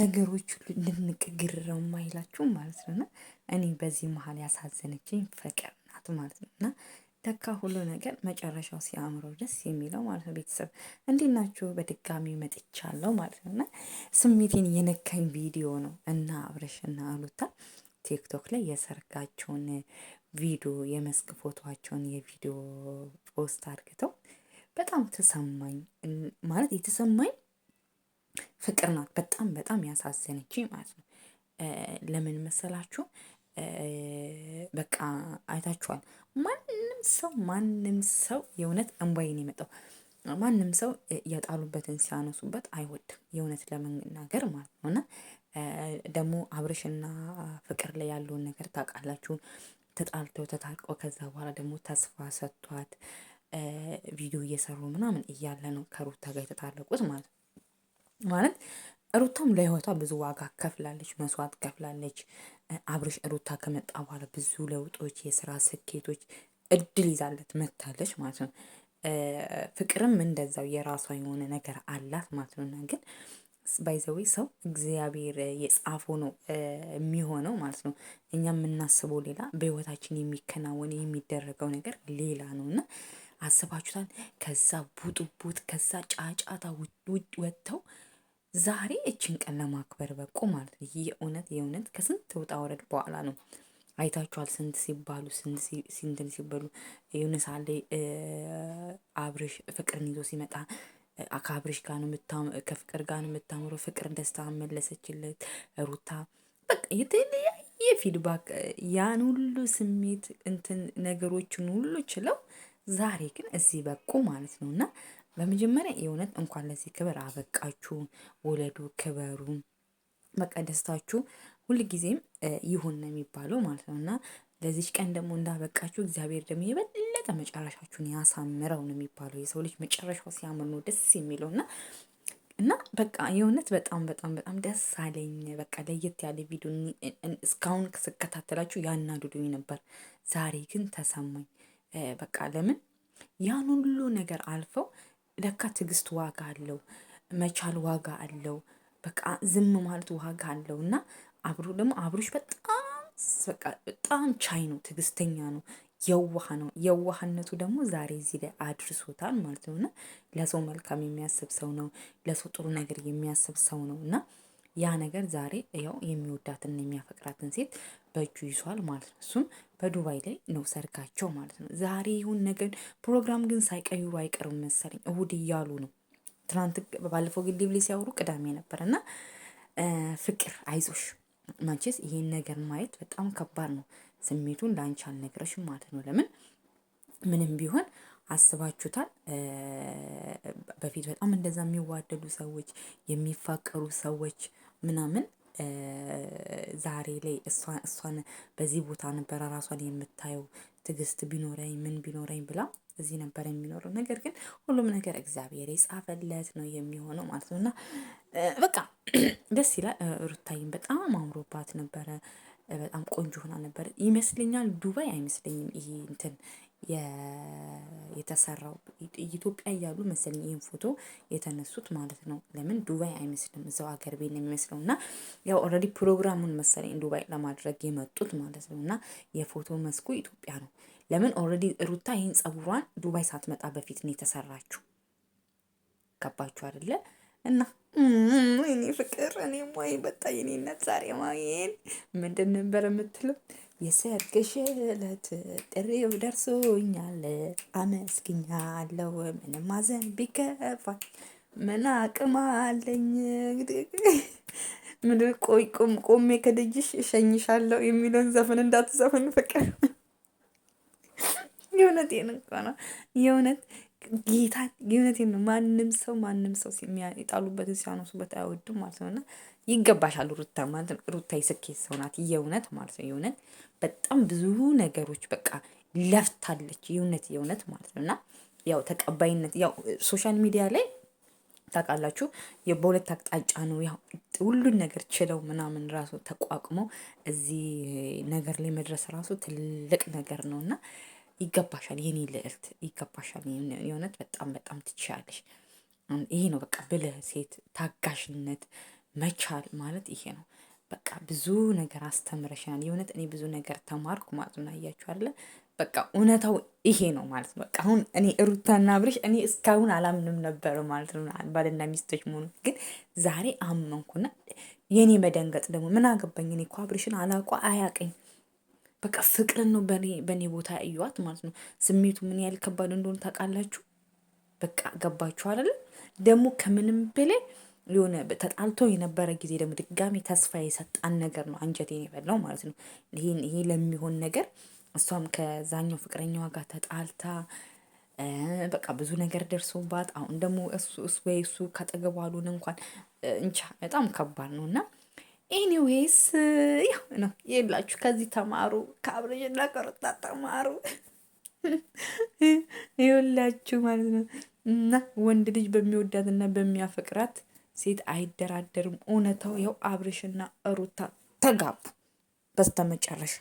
ነገሮች ሁሉ ድንቅ ግርረው ማለት ነው። እኔ በዚህ መሀል ያሳዘነችኝ ፍቅር ናት ማለት ነው። እና ለካ ሁሉ ነገር መጨረሻው ሲያምረው ደስ የሚለው ማለት ነው። ቤተሰብ እንዴት ናችሁ? በድጋሚ መጥቻለሁ ማለት ነው። እና ስሜቴን የነካኝ ቪዲዮ ነው እና አብረሽ እና ቲክቶክ ላይ የሰርጋቸውን ቪዲዮ የመስክ ፎቶቸውን የቪዲዮ ፖስት አድርግተው በጣም ተሰማኝ ማለት የተሰማኝ ፍቅር ናት። በጣም በጣም ያሳዘነች ማለት ነው። ለምን መሰላችሁ? በቃ አይታችኋል። ማንም ሰው ማንም ሰው የእውነት እንባዬን የመጣው ማንም ሰው ያጣሉበትን ሲያነሱበት አይወድም። የእውነት ለመናገር ማለት ነው። እና ደግሞ አብርሽና ፍቅር ላይ ያለውን ነገር ታውቃላችሁ። ተጣልተው ተታርቀው ከዛ በኋላ ደግሞ ተስፋ ሰጥቷት ቪዲዮ እየሰሩ ምናምን እያለ ነው ከሩታ ጋር የተጣለቁት ማለት ነው። ማለት ሩታም ለህይወቷ ብዙ ዋጋ ከፍላለች፣ መስዋዕት ከፍላለች። አብርሽ ሩታ ከመጣ በኋላ ብዙ ለውጦች፣ የስራ ስኬቶች እድል ይዛለት መታለች ማለት ነው። ፍቅርም እንደዛው የራሷ የሆነ ነገር አላት ማለት ነው። እና ግን ባይዘዌ ሰው እግዚአብሔር የጻፈው ነው የሚሆነው ማለት ነው። እኛ የምናስበው ሌላ፣ በህይወታችን የሚከናወን የሚደረገው ነገር ሌላ ነው እና አስባችሁታል ከዛ ቡጥቡጥ ከዛ ጫጫታ ወጥተው ዛሬ እችን ቀን ለማክበር በቁ ማለት ነው። ይህ የእውነት የእውነት ከስንት ውጣ ውረድ በኋላ ነው። አይታችኋል። ስንት ሲባሉ ስንትን ሲበሉ የሆነ ሳለ አብርሽ ፍቅርን ይዞ ሲመጣ ከአብርሽ ጋር ነው ከፍቅር ጋር ነው የምታምሮ። ፍቅር ደስታ መለሰችለት ሩታ በቃ የተለያየ ፊድባክ ያን ሁሉ ስሜት እንትን ነገሮችን ሁሉ ችለው ዛሬ ግን እዚህ በቁ ማለት ነው። እና በመጀመሪያ የእውነት እንኳን ለዚህ ክብር አበቃችሁ። ውለዱ፣ ክበሩ፣ በቃ ደስታችሁ ሁልጊዜም ይሁን ነው የሚባለው ማለት ነው እና ለዚች ቀን ደግሞ እንዳበቃችሁ እግዚአብሔር ደግሞ የበለጠ መጨረሻችሁን ያሳምረው ነው የሚባለው። የሰው ልጅ መጨረሻው ሲያምር ነው ደስ የሚለው እና እና በቃ የእውነት በጣም በጣም በጣም ደስ አለኝ። በቃ ለየት ያለ ቪዲዮ እስካሁን ስከታተላችሁ ያናድዱኝ ነበር። ዛሬ ግን ተሰማኝ። በቃ ለምን ያን ሁሉ ነገር አልፈው ለካ ትዕግስት ዋጋ አለው፣ መቻል ዋጋ አለው፣ በቃ ዝም ማለት ዋጋ አለው እና አብሮ ደግሞ አብሮች በጣም በቃ በጣም ቻይ ነው፣ ትዕግስተኛ ነው፣ የዋህ ነው። የዋህነቱ ደግሞ ዛሬ እዚህ ላይ አድርሶታል ማለት ነው እና ለሰው መልካም የሚያስብ ሰው ነው፣ ለሰው ጥሩ ነገር የሚያስብ ሰው ነው እና ያ ነገር ዛሬ ያው የሚወዳትን የሚያፈቅራትን ሴት በእጁ ይዟል ማለት ነው። እሱም በዱባይ ላይ ነው ሰርጋቸው ማለት ነው። ዛሬ ይሁን ነገር ፕሮግራም ግን ሳይቀይሩ አይቀርም መሰለኝ። እሁድ እያሉ ነው። ትናንት ባለፈው ግድብ ላይ ሲያወሩ ቅዳሜ ነበር እና ፍቅር አይዞሽ ማንቼስ ይህን ነገር ማየት በጣም ከባድ ነው። ስሜቱን ለአንቺ አልነግረሽም ማለት ነው። ለምን ምንም ቢሆን አስባችሁታል። በፊት በጣም እንደዛ የሚዋደዱ ሰዎች የሚፋቀሩ ሰዎች ምናምን ዛሬ ላይ እሷን በዚህ ቦታ ነበረ ራሷን የምታየው ትግስት ቢኖረኝ ምን ቢኖረኝ ብላ እዚህ ነበር የሚኖረው። ነገር ግን ሁሉም ነገር እግዚአብሔር የጻፈለት ነው የሚሆነው ማለት ነው። እና በቃ ደስ ይላል። ሩታይም በጣም አምሮባት ነበረ። በጣም ቆንጆ ሆና ነበር ይመስለኛል። ዱባይ አይመስለኝም ይሄ እንትን የተሰራው ኢትዮጵያ እያሉ መሰለኝ ይህን ፎቶ የተነሱት ማለት ነው። ለምን ዱባይ አይመስልም እዛው አገር ቤት ነው የሚመስለው። እና ያው ኦልሬዲ ፕሮግራሙን መሰለኝ ዱባይ ለማድረግ የመጡት ማለት ነው። እና የፎቶ መስኩ ኢትዮጵያ ነው። ለምን ኦልሬዲ ሩታ ይህን ጸጉሯን ዱባይ ሳትመጣ በፊት ነው የተሰራችው። ገባችሁ አይደለ? እና እኔ ፍቅር እኔ ሞይ በጣ የኔነት ዛሬ ማየን ምንድን ነበር የምትለው? የሰርግሽ ዕለት ጥሪው ደርሶኛል አመስግኛለሁ። ምንም ሐዘን ቢከፋኝ ምን አቅም አለኝ? ምድር ቆይ ቆሜ ከደጅሽ እሸኝሻለሁ የሚለውን ዘፈን እንዳትዘፍን ፍቅር የእውነቴን እኮ ነው። የእውነት ጌታ የእውነቴን ነው። ማንም ሰው ማንም ሰው የጣሉበትን ሲያነሱበት አይወድም ማለት ነው እና ይገባሻል ሩታ ማለት ነው። ሩታ የስኬት ሰው ናት የእውነት ማለት ነው። የእውነት በጣም ብዙ ነገሮች በቃ ለፍታለች የእውነት የእውነት ማለት ነው። እና ያው ተቀባይነት ያው ሶሻል ሚዲያ ላይ ታውቃላችሁ በሁለት አቅጣጫ ነው። ያው ሁሉን ነገር ችለው ምናምን ራሱ ተቋቁመው እዚህ ነገር ላይ መድረስ ራሱ ትልቅ ነገር ነው እና ይገባሻል፣ የኔ ልዕልት ይገባሻል። የእውነት በጣም በጣም ትችያለሽ። ይሄ ነው በቃ ብልህ ሴት ታጋሽነት መቻል ማለት ይሄ ነው። በቃ ብዙ ነገር አስተምረሽናል የእውነት እኔ ብዙ ነገር ተማርኩ ማለት ነው። አያችሁ አይደለ በቃ እውነታው ይሄ ነው ማለት ነው። በቃ አሁን እኔ ሩታና አብርሽ እኔ እስካሁን አላምንም ነበረ ማለት ነው ባልና ሚስቶች መሆኑ ግን ዛሬ አመንኩና የእኔ መደንገጥ ደግሞ ምን አገባኝ እኔ እኮ አብርሽን አላውቋ አያቀኝ በቃ ፍቅርን ነው በእኔ ቦታ እዩዋት ማለት ነው። ስሜቱ ምን ያህል ከባድ እንደሆነ ታውቃላችሁ። በቃ ገባችሁ አይደለ ደግሞ ከምንም በላይ ሊሆነ ተጣልቶ የነበረ ጊዜ ደግሞ ድጋሚ ተስፋ የሰጣን ነገር ነው አንጀቴን የበላው ማለት ነው። ይሄ ለሚሆን ነገር እሷም ከዛኛው ፍቅረኛዋ ጋር ተጣልታ በቃ ብዙ ነገር ደርሶባት አሁን ደግሞ እሱ ወይ እሱ ካጠገቧ አሉን እንኳን እንቻ በጣም ከባድ ነው እና ኤኒዌይስ ያው ነው የላችሁ። ከዚህ ተማሩ፣ ከአብርሽና ከሩታ ተማሩ የላችሁ ማለት ነው እና ወንድ ልጅ በሚወዳትና በሚያፈቅራት ሴት አይደራደርም። እውነታው ያው አብርሽና ሩታ ተጋቡ በስተመጨረሻ